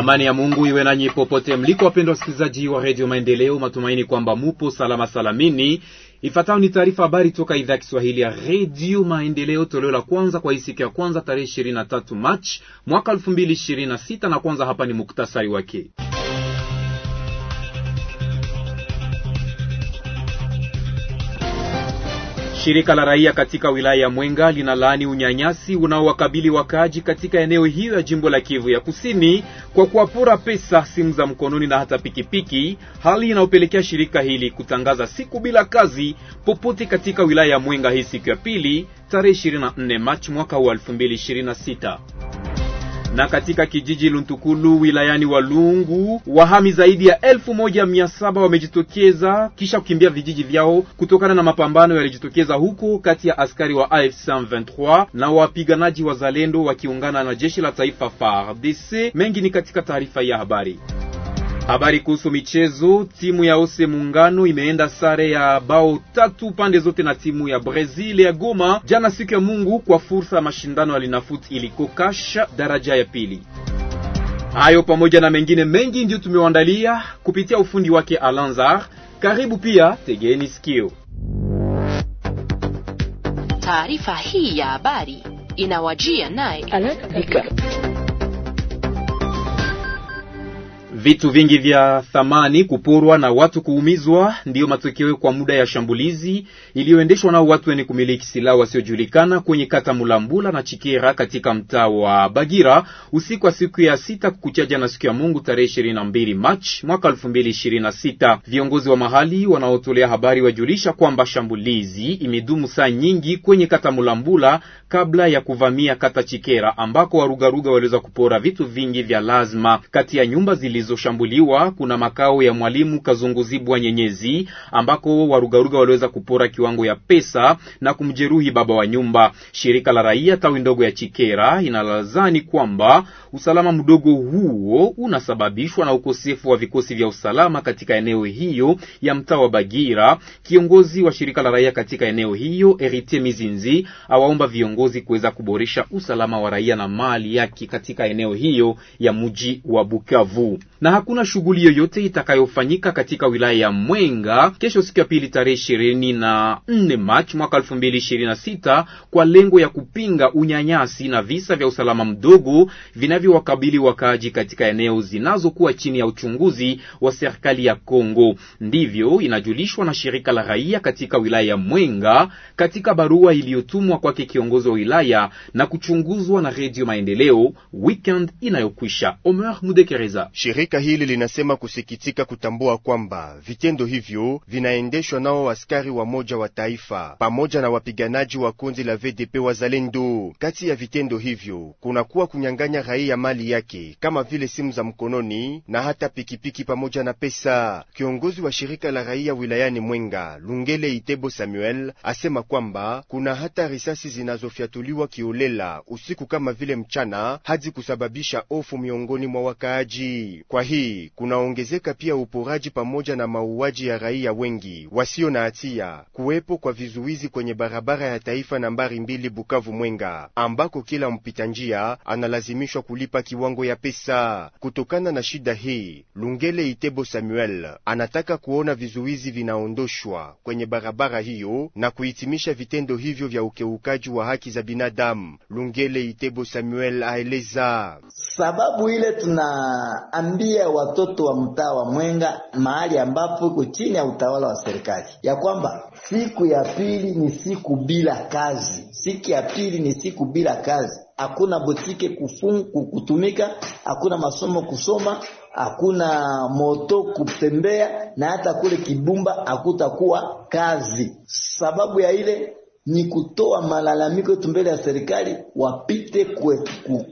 Amani ya Mungu iwe nanyi popote mliko, wapendwa wasikilizaji wa redio Maendeleo. Matumaini kwamba mupo salama salamini. Ifuatayo ni taarifa habari toka idhaa ya Kiswahili ya redio Maendeleo, toleo la kwanza kwa hii siku ya kwanza tarehe 23 Machi mwaka 2026, na kwanza hapa ni muktasari wake. Shirika la raia katika wilaya ya Mwenga linalaani unyanyasi unaowakabili wakaaji katika eneo hiyo ya jimbo la Kivu ya Kusini kwa kuwapora pesa, simu za mkononi na hata pikipiki, hali inayopelekea shirika hili kutangaza siku bila kazi popote katika wilaya ya Mwenga hii siku ya pili tarehe 24 Machi mwaka wa 2026 na katika kijiji Luntukulu wilayani Walungu, wahami zaidi ya elfu moja mia saba wamejitokeza kisha kukimbia vijiji vyao kutokana na mapambano yalijitokeza huko kati ya askari wa AFC 23 na wapiganaji wa zalendo wakiungana na jeshi la taifa FARDC. Mengi ni katika taarifa ya habari. Habari kuhusu michezo, timu ya Ose Muungano imeenda sare ya bao tatu pande zote na timu ya Brazil ya Goma jana siku ya Mungu kwa fursa ya mashindano ya Linafoot iliko kasha daraja ya pili. Hayo pamoja na mengine mengi ndiyo tumewaandalia kupitia ufundi wake Alanzar. Karibu pia, tegeni sikio. Taarifa hii ya habari inawajia naye Vitu vingi vya thamani kuporwa na watu kuumizwa ndiyo matokeo kwa muda ya shambulizi iliyoendeshwa na watu wenye kumiliki silaha wasiojulikana kwenye kata Mulambula na Chikera katika mtaa wa Bagira usiku wa siku ya sita kukuchaja na siku ya Mungu tarehe 22 Machi mwaka 2026. Viongozi wa mahali wanaotolea habari wajulisha kwamba shambulizi imedumu saa nyingi kwenye kata Mulambula kabla ya kuvamia kata Chikera ambako warugaruga waliweza kupora vitu vingi vya lazima kati ya nyumba zilizo zilizoshambuliwa kuna makao ya mwalimu Kazunguzibwa Nyenyezi ambako warugaruga waliweza kupora kiwango ya pesa na kumjeruhi baba wa nyumba. Shirika la raia tawi ndogo ya Chikera inalazani kwamba usalama mdogo huo unasababishwa na ukosefu wa vikosi vya usalama katika eneo hiyo ya mtaa wa Bagira. Kiongozi wa shirika la raia katika eneo hiyo Eritier Mizinzi awaomba viongozi kuweza kuboresha usalama wa raia na mali yake katika eneo hiyo ya mji wa Bukavu na hakuna shughuli yoyote itakayofanyika katika wilaya ya Mwenga kesho siku ya pili tarehe ishirini na nne Machi mwaka elfu mbili ishirini na sita kwa lengo ya kupinga unyanyasi na visa vya usalama mdogo vinavyowakabili wakaaji katika eneo zinazokuwa chini ya uchunguzi wa serikali ya Kongo. Ndivyo inajulishwa na shirika la raia katika wilaya ya Mwenga katika barua iliyotumwa kwake kiongozi wa wilaya na kuchunguzwa na Redio Maendeleo weekend inayokwisha. Omer Mudekereza shirika Shirika hili linasema kusikitika kutambua kwamba vitendo hivyo vinaendeshwa nao askari wa moja wa taifa pamoja na wapiganaji wa kundi la VDP Zalendo. Kati ya vitendo hivyo kunakuwa kunyang'anya raia mali yake kama vile simu za mkononi na hata pikipiki pamoja na pesa. Kiongozi wa shirika la raia wilayani Mwenga, Lungele Itebo Samuel, asema kwamba kuna hata risasi zinazofyatuliwa kiolela usiku kama vile mchana hadi kusababisha hofu miongoni mwa wakaaji kwa kwa hii kunaongezeka pia uporaji pamoja na mauaji ya raia wengi wasio na hatia, kuwepo kwa vizuizi kwenye barabara ya taifa nambari mbili Bukavu Mwenga, ambako kila mpita njia analazimishwa kulipa kiwango ya pesa. Kutokana na shida hii, Lungele Itebo Samuel anataka kuona vizuizi vinaondoshwa kwenye barabara hiyo na kuhitimisha vitendo hivyo vya ukeukaji wa haki za binadamu. Lungele Itebo Samuel aeleza sababu ile tuna pia watoto wa mtaa wa Mwenga mahali ambapo iko chini ya utawala wa serikali, ya kwamba siku ya pili ni siku bila kazi. Siku ya pili ni siku bila kazi, hakuna botike kufungu, kutumika, hakuna masomo kusoma, hakuna moto kutembea, na hata kule Kibumba hakutakuwa kazi. Sababu ya ile ni kutoa malalamiko yetu mbele ya serikali, wapite kwe,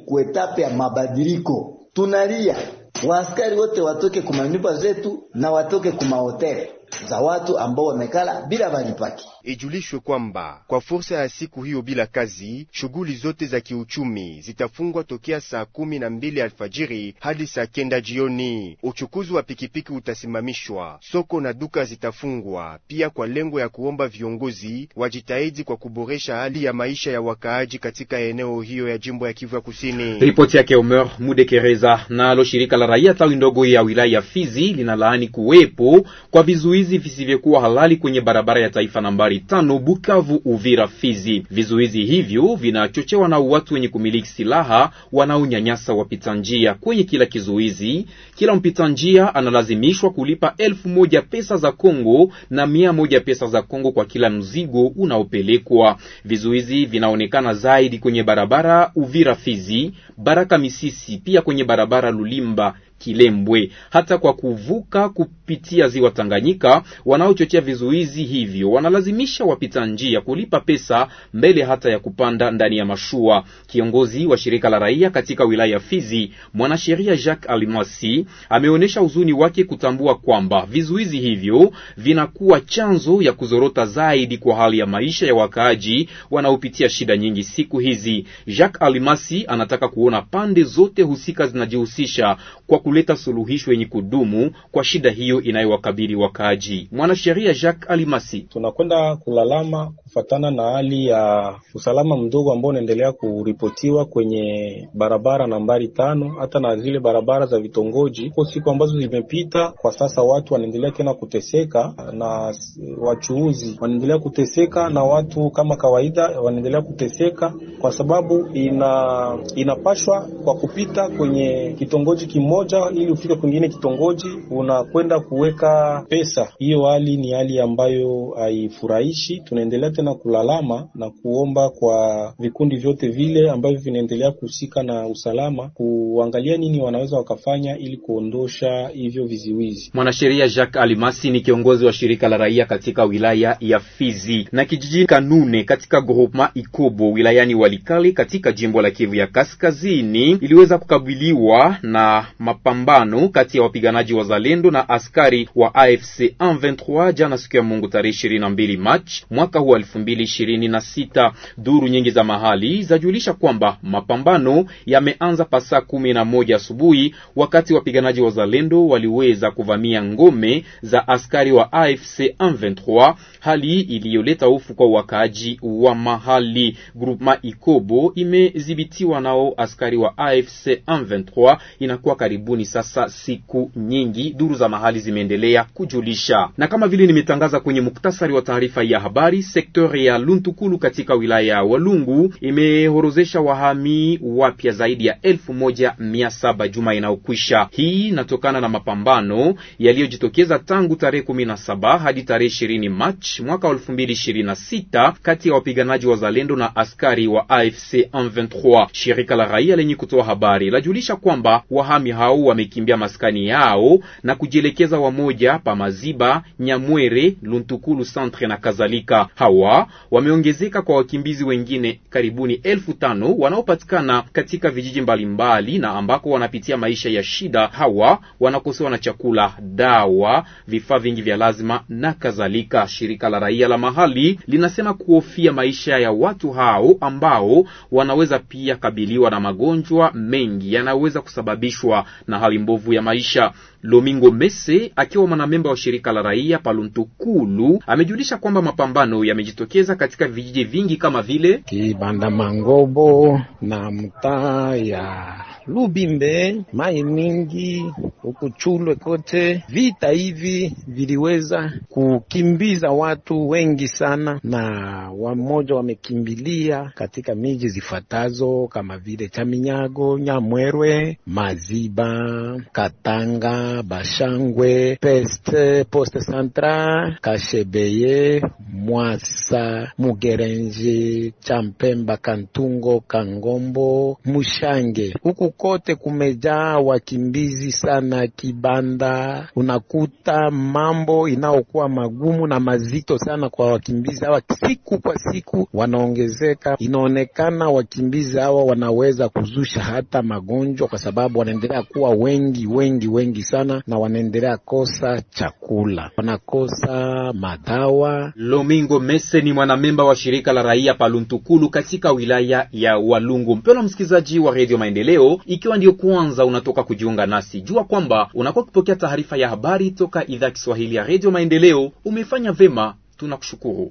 kwe, ya mabadiliko. Tunalia waaskari wote watoke kumanyumba zetu na watoke kumahoteli za watu ambao wamekala bila malipaki. Ijulishwe kwamba kwa fursa ya siku hiyo bila kazi, shughuli zote za kiuchumi zitafungwa tokea saa kumi na mbili alfajiri hadi saa kenda jioni. Uchukuzi wa pikipiki utasimamishwa, soko na duka zitafungwa pia, kwa lengo ya kuomba viongozi wajitahidi kwa kuboresha hali ya maisha ya wakaaji katika eneo hiyo ya jimbo ya Kivu ya Kusini. Ripoti yake Omer Mudekereza. Nalo shirika la raia tawi ndogo ya wilaya ya Fizi linalaani kuwepo kwa vizuizi vizuizi visivyokuwa halali kwenye barabara ya taifa nambari tano Bukavu Uvira Fizi. Vizuizi hivyo vinachochewa na watu wenye kumiliki silaha wanaonyanyasa wapita njia. Kwenye kila kizuizi, kila mpita njia analazimishwa kulipa elfu moja pesa za Kongo na mia moja pesa za Kongo kwa kila mzigo unaopelekwa. Vizuizi vinaonekana zaidi kwenye barabara Uvira Fizi, Baraka Misisi, pia kwenye barabara Lulimba Kilembwe hata kwa kuvuka kupitia ziwa Tanganyika. Wanaochochea vizuizi hivyo wanalazimisha wapita njia kulipa pesa mbele hata ya kupanda ndani ya mashua. Kiongozi wa shirika la raia katika wilaya ya Fizi, mwanasheria Jacques Almasi, ameonyesha huzuni wake kutambua kwamba vizuizi hivyo vinakuwa chanzo ya kuzorota zaidi kwa hali ya maisha ya wakaaji wanaopitia shida nyingi siku hizi. Jacques Almasi anataka kuona pande zote husika zinajihusisha kwa kuleta suluhisho yenye kudumu kwa shida hiyo inayowakabili wakaaji. Mwanasheria Jacques Alimasi: tunakwenda kulalama kufatana na hali ya usalama mdogo ambao unaendelea kuripotiwa kwenye barabara nambari tano hata na zile barabara za vitongoji, ko siku ambazo zimepita. Kwa sasa watu wanaendelea tena kuteseka na wachuuzi wanaendelea kuteseka na watu kama kawaida wanaendelea kuteseka kwa sababu ina, inapashwa kwa kupita kwenye kitongoji kimoja ukisha ili ufike kwingine kitongoji, unakwenda kuweka pesa. Hiyo hali ni hali ambayo haifurahishi. Tunaendelea tena kulalama na kuomba kwa vikundi vyote vile ambavyo vinaendelea kuhusika na usalama kuangalia nini wanaweza wakafanya ili kuondosha hivyo viziwizi. Mwanasheria Jacques Alimasi ni kiongozi wa shirika la raia katika wilaya ya Fizi na kijiji Kanune katika groupement Ikobo wilayani Walikale katika jimbo la Kivu ya Kaskazini iliweza kukabiliwa na mapa mapambano kati ya wapiganaji wa zalendo na askari wa AFC M23 jana siku ya Mungu tarehe 22 Machi mwaka huu 2026. Duru nyingi za mahali zajulisha kwamba mapambano yameanza pasaa kumi na moja asubuhi wakati wapiganaji wa zalendo waliweza kuvamia ngome za askari wa AFC M23, hali iliyoleta hofu kwa wakaaji wa mahali. Grupma Ikobo imedhibitiwa nao askari wa AFC M23 inakuwa karibu ni sasa siku nyingi, duru za mahali zimeendelea kujulisha. Na kama vile nimetangaza kwenye muktasari wa taarifa ya habari, sektor ya Luntukulu katika wilaya ya Walungu imehorozesha wahami wapya zaidi ya elfu moja mia saba juma inayokwisha. Hii inatokana na mapambano yaliyojitokeza tangu tarehe 17 hadi tarehe 20 Machi mwaka 2026 kati ya wapiganaji wa Zalendo na askari wa AFC M23. Shirika la raia lenye kutoa habari lajulisha kwamba wahami hao wamekimbia maskani yao na kujielekeza wamoja pa Maziba, Nyamwere, Luntukulu Centre na kadhalika. Hawa wameongezeka kwa wakimbizi wengine karibuni elfu tano wanaopatikana katika vijiji mbalimbali mbali na ambako wanapitia maisha ya shida. Hawa wanakosewa na chakula, dawa, vifaa vingi vya lazima na kadhalika. Shirika la raia la mahali linasema kuhofia maisha ya watu hao ambao wanaweza pia kabiliwa na magonjwa mengi yanayoweza kusababishwa na hali mbovu ya maisha. Lomingo Mese akiwa mwanamemba wa shirika la raia Paluntukulu amejulisha kwamba mapambano yamejitokeza katika vijiji vingi kama vile Kibanda Mangobo na mtaa ya Lubimbe, mai mingi huku Chulwe kote. Vita hivi viliweza kukimbiza watu wengi sana, na wamoja wamekimbilia katika miji zifuatazo kama vile Chaminyago, Nyamwerwe, Maziba Katanga, Bashangwe, Peste, Poste Central, Kashebeye, Mwasa, Mugerenji, Champemba, Kantungo, Kangombo, Mushange. Huku kote kumejaa wakimbizi sana. Kibanda unakuta mambo inaokuwa magumu na mazito sana kwa wakimbizi hawa, siku kwa siku wanaongezeka. Inaonekana wakimbizi hawa wanaweza kuzusha hata magonjwa kwa sababu wanaendelea kuwa wanakuwa wengi wengi wengi sana, na wanaendelea kosa chakula, wanakosa madawa. Lomingo Mese ni mwanamemba wa shirika la raia Paluntukulu katika wilaya ya Walungu. Mpelo msikilizaji wa redio Maendeleo, ikiwa ndiyo kwanza unatoka kujiunga nasi, jua kwamba unakuwa ukipokea taarifa ya habari toka idhaa Kiswahili ya redio Maendeleo. Umefanya vema, tunakushukuru.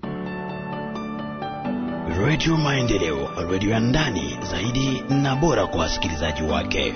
Redio Maendeleo, redio ya ndani zaidi na bora kwa wasikilizaji wake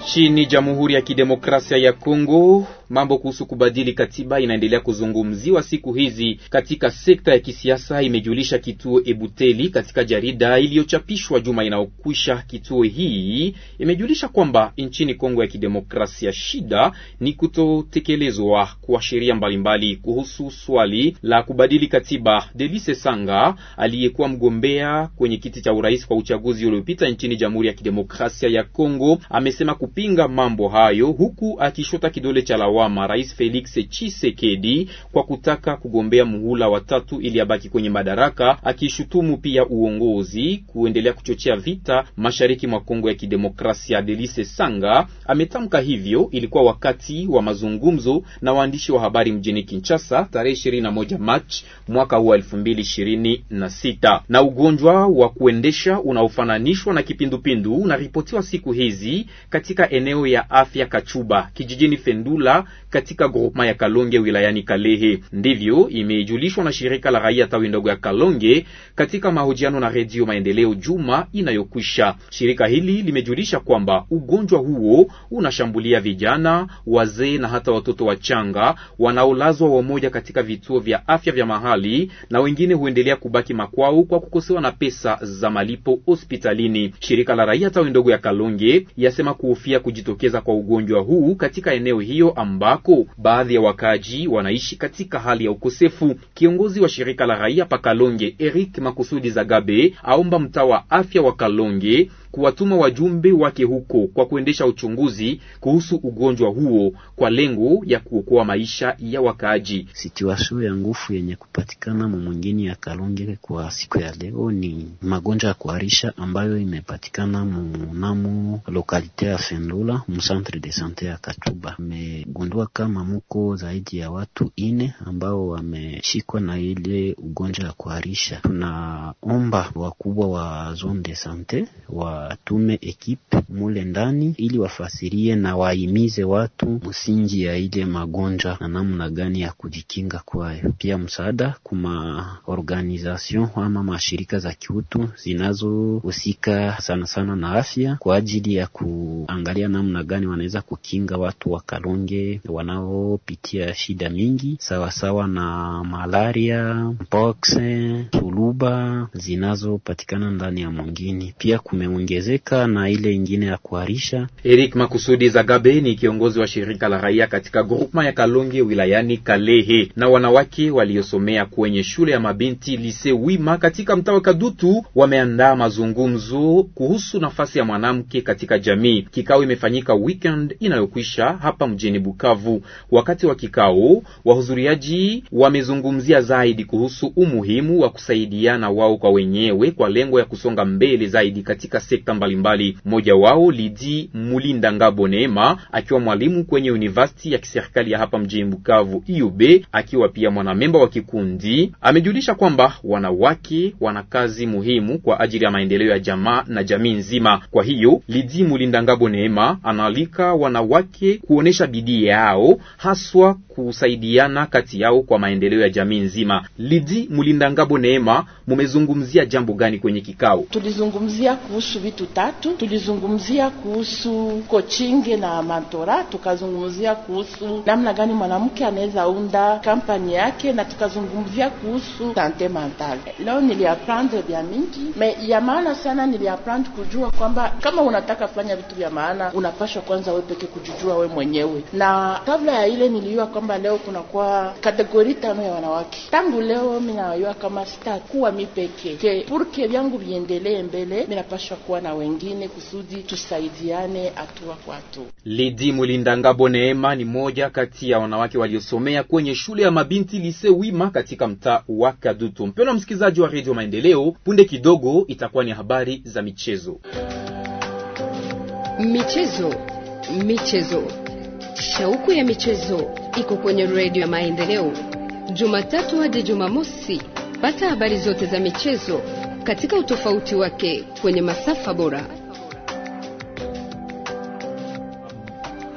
nchini Jamhuri ya Kidemokrasia ya Kongo mambo kuhusu kubadili katiba inaendelea kuzungumziwa siku hizi katika sekta ya kisiasa, imejulisha kituo Ebuteli katika jarida iliyochapishwa juma inayokwisha. Kituo hii imejulisha kwamba nchini Kongo ya Kidemokrasia shida ni kutotekelezwa kwa sheria mbalimbali kuhusu swali la kubadili katiba. Delise Sanga aliyekuwa mgombea kwenye kiti cha urais kwa uchaguzi uliopita nchini Jamhuri ya Kidemokrasia ya Kongo amesema kupinga mambo hayo huku akishota kidole cha lawa lawama Rais Felix Chisekedi kwa kutaka kugombea muhula wa tatu ili abaki kwenye madaraka, akishutumu pia uongozi kuendelea kuchochea vita mashariki mwa Kongo ya Kidemokrasia. Delise Sanga ametamka hivyo ilikuwa wakati wa mazungumzo na waandishi wa habari mjini Kinshasa tarehe 21 Machi mwaka huu 2026. Na ugonjwa wa kuendesha unaofananishwa na kipindupindu unaripotiwa siku hizi katika eneo ya afya Kachuba kijijini Fendula katika groupema ya Kalonge wilayani Kalehe. Ndivyo imejulishwa na shirika la raia tawi ndogo ya Kalonge katika mahojiano na Redio Maendeleo juma inayokwisha. Shirika hili limejulisha kwamba ugonjwa huo unashambulia vijana, wazee na hata watoto wachanga wanaolazwa wamoja katika vituo vya afya vya mahali, na wengine huendelea kubaki makwao kwa kukosewa na pesa za malipo hospitalini. Shirika la raia tawi ndogo ya Kalonge yasema kuhofia kujitokeza kwa ugonjwa huu katika eneo hiyo amba ambako baadhi ya wakaaji wanaishi katika hali ya ukosefu. Kiongozi wa shirika la raia pa Kalonge Eric Makusudi Zagabe aomba mtaa wa afya wa Kalonge kuwatuma wajumbe wake huko kwa kuendesha uchunguzi kuhusu ugonjwa huo kwa lengo ya kuokoa maisha ya wakaaji. Situasio ya nguvu yenye kupatikana mwingine ya Kalonge kwa siku ya leo ni magonjwa ya kuharisha ambayo imepatikana mnamo lokalite ya Fendola msantre de sante ya Katuba. Amegundua kama muko zaidi ya watu ine ambao wameshikwa na ile ugonjwa ya kuharisha. Tunaomba wakubwa wa zone de sante wa watume ekipe mule ndani ili wafasirie na waimize watu msingi ya ile magonjwa na namna gani ya kujikinga kwayo. Pia msaada kuma organization ama mashirika za kiutu zinazohusika sana sana na afya kwa ajili ya kuangalia namna gani wanaweza kukinga watu wa Kalonge wanaopitia shida mingi sawasawa sawa na malaria, mpox, suluba zinazopatikana ndani ya mwingini. Pia kume kuongezeka na ile ingine ya kuharisha. Eric Makusudi Zagabe ni kiongozi wa shirika la raia katika grupma ya Kalonge wilayani Kalehe, na wanawake waliosomea kwenye shule ya mabinti Lise Wima katika mtaa wa Kadutu wameandaa mazungumzo kuhusu nafasi ya mwanamke katika jamii. Kikao imefanyika weekend inayokwisha hapa mjini Bukavu. Wakati wa kikao, wahudhuriaji wamezungumzia zaidi kuhusu umuhimu wa kusaidiana wao kwa wenyewe kwa lengo ya kusonga mbele zaidi katika sekta sekta mbalimbali. Mmoja wao Lidi Mulinda Ngabo Neema, akiwa mwalimu kwenye university ya kiserikali ya hapa mjini Bukavu IUB, akiwa pia mwanamemba wa kikundi, amejulisha kwamba wanawake wana kazi muhimu kwa ajili ya maendeleo ya jamaa na jamii nzima. Kwa hiyo Lidi Mulinda Ngabo Neema anaalika wanawake kuonesha bidii yao, haswa kusaidiana kati yao kwa maendeleo ya jamii nzima. Lidi Mulinda Ngabo Neema, mumezungumzia jambo gani kwenye kikao? Tulizungumzia kuhusu vitu tatu. Tulizungumzia kuhusu kochinge na mantora, tukazungumzia kuhusu namna gani mwanamke anaweza unda kampani yake, na tukazungumzia kuhusu sante mentale. Leo niliaprendre vya mingi me ya maana sana, niliaprendre kujua kwamba kama unataka fanya vitu vya maana unapashwa kwanza we peke kujijua we mwenyewe, na kabla ya ile nilijua kwamba leo kunakuwa kategori tano ya wanawake. Tangu leo minayua kama sitakuwa mipeke ke purke vyangu viendelee mbele, minapashwa kuwa na wengine kusudi tusaidiane hatua kwa hatua. Mulinda Ngabo Neema ni moja kati ya wanawake waliosomea kwenye shule ya mabinti Lise Wima katika mtaa wa Kadutu. Mpendwa msikilizaji wa Radio Maendeleo, punde kidogo itakuwa ni habari za michezo. Michezo, michezo, shauku ya michezo iko kwenye redio ya Maendeleo, Jumatatu hadi Jumamosi. Pata habari zote za michezo katika utofauti wake kwenye masafa bora.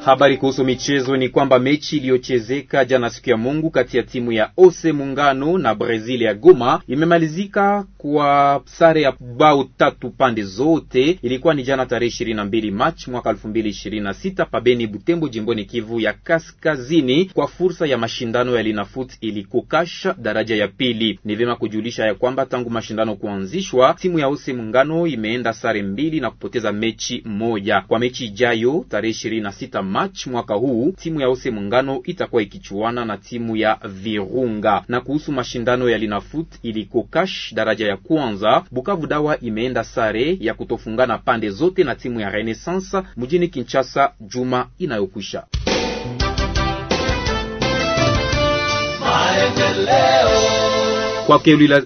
Habari kuhusu michezo ni kwamba mechi iliyochezeka jana siku ya Mungu kati ya timu ya Ose Muungano na Brazil ya Goma imemalizika kwa sare ya bao tatu pande zote. Ilikuwa ni jana tarehe ishirini na mbili Machi mwaka elfu mbili ishirini na sita pabeni Butembo, jimboni Kivu ya Kaskazini, kwa fursa ya mashindano ya Linafoot ilikokasha daraja ya pili. Ni vyema kujulisha ya kwamba tangu mashindano kuanzishwa timu ya Ose Mungano imeenda sare mbili na kupoteza mechi moja. Kwa mechi ijayo tarehe ishirini na sita Machi mwaka huu timu ya Ose Mungano itakuwa ikichuana na timu ya Virunga. Na kuhusu mashindano ya Linafoot ilikokash daraja ya ya kwanza Bukavu Dawa imeenda sare ya kutofungana pande zote na timu ya Renaissance mjini Kinshasa juma inayokwisha.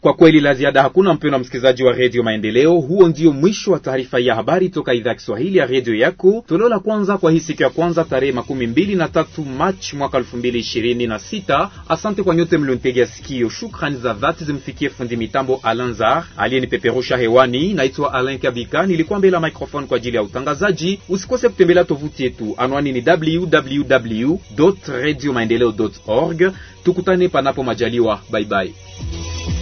Kwa kweli la, ziada hakuna. wa msikilizaji wa redio Maendeleo, huo ndio mwisho wa taarifa ya habari toka idhaa ya Kiswahili ya redio yako toleo la kwanza kwa hii siku ya kwanza tarehe 23 na Machi mwaka elfu Asante kwa nyote mlionitegea sikio. Shukrani za dhati zimfikie fundi mitambo Alanzar aliyenipeperusha hewani. Naitwa Alain Kabika, nilikuwa mbele ya microphone kwa ajili ya utangazaji. Usikose kutembelea tovuti yetu, anwani ni www radio maendeleo org Tukutane panapo majaliwa. Bye bye.